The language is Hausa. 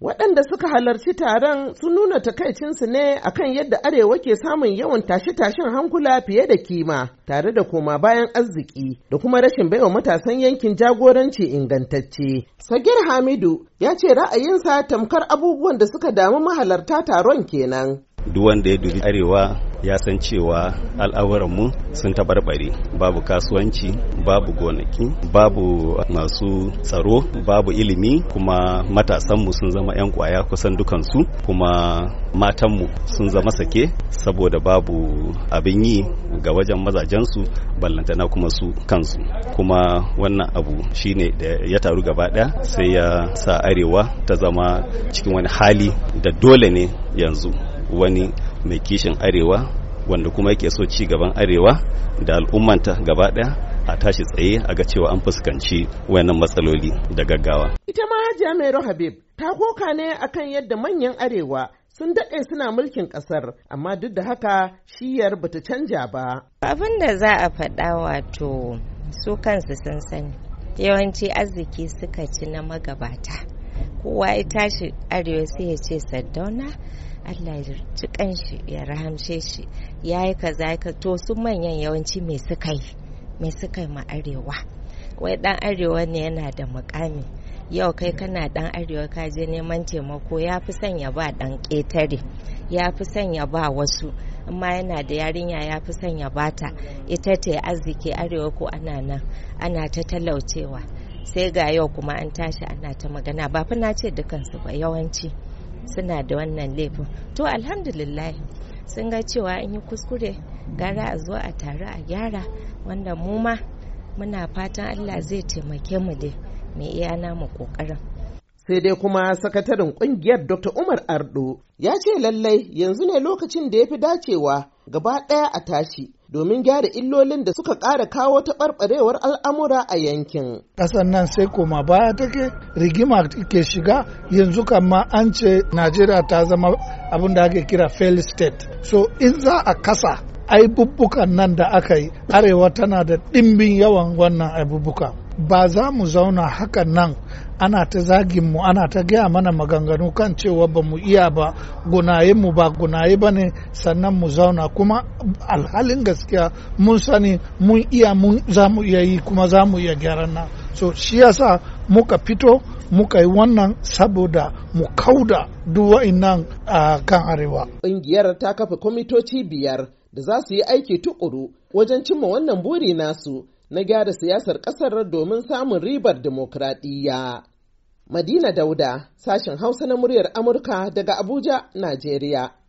Waɗanda suka halarci taron sun nuna takaicinsu ne akan yadda Arewa ke samun yawan tashe-tashen hankula fiye da kima, tare da koma bayan arziki da kuma rashin baiwa matasan yankin jagoranci ingantacce. Sagir Hamidu ya ce ra'ayinsa tamkar abubuwan da suka damu mahalarta taron kenan. Duk wanda ya dubi Arewa ya san cewa al'awuranmu sun tabarbare babu kasuwanci babu gonaki babu masu tsaro babu ilimi kuma matasanmu sun zama 'yan kwaya kusan dukansu kuma matanmu sun zama sake saboda babu abin yi ga wajen mazajensu ballantana kuma su kansu kuma wannan abu shine da ya taru gaba ɗaya sai ya sa arewa ta zama cikin wani hali da dole ne yanzu wani mai kishin arewa wanda kuma yake so ci gaban arewa da al'ummanta gaba ɗaya a tashi tsaye a ga cewa an fuskanci wayannan matsaloli da gaggawa. Ita ma Hajiya Mairo Habib ta koka ne akan yadda manyan arewa sun daɗe suna mulkin ƙasar amma duk da haka shiyar bata canja ba. Abin da za a faɗa wato su kansu sun sani yawanci arziki suka ci na magabata. kowa ya tashi arewa sai ya ce sardauna allah ya ci kanshi ya rahamshe shi ya yi kaza ya to sun manyan yawanci mai suka yi mai ma arewa wai dan arewa ne yana da mukami yau kai kana dan arewa ka je neman taimako ya fi ya ba dan ketare ya fi ya ba wasu amma yana da yarinya ya fi sanya bata ita ta arziki arewa ko ana nan ana ta talaucewa sai ga yau kuma an tashi ana ta magana ba fa na ce dukansu ba yawanci suna da wannan laifin to alhamdulillah sun ga cewa an yi kuskure gara a zo a taru a gyara wanda mu ma muna fatan allah zai taimake mu dai mai iya namu kokarin sai dai kuma sakataren kungiyar dr umar ardo ya ce lallai yanzu ne lokacin da ya fi dacewa gaba ɗaya a tashi domin gyara illolin da suka ƙara kawo taɓarɓarewar al'amura a yankin. Ƙasar nan sai koma baya take rigima ke shiga yanzu ma an ce Najeriya ta zama abin da ake kira fail state. So in za a kasa aibubbukan nan da aka yi arewa tana da ɗimbin yawan wannan aibubbuka ba za mu zauna hakan nan ana ta zagin mu ana ta gaya mana maganganu kan cewa ba mu iya ba gunaye mu ba gunaye ba ne sannan mu zauna kuma alhalin gaskiya mun sani mun iya mun za mu iya yi kuma za mu iya gyaran nan so shi yasa muka fito muka yi wannan saboda mu kauda duk nan a kan arewa ƙungiyar ta kafa kwamitoci biyar da za su yi aiki tukuru wajen cimma wannan buri nasu na gyara siyasar ƙasar domin samun ribar demokradiyya. Madina Dauda, sashen Hausa na muryar Amurka daga Abuja, Najeriya.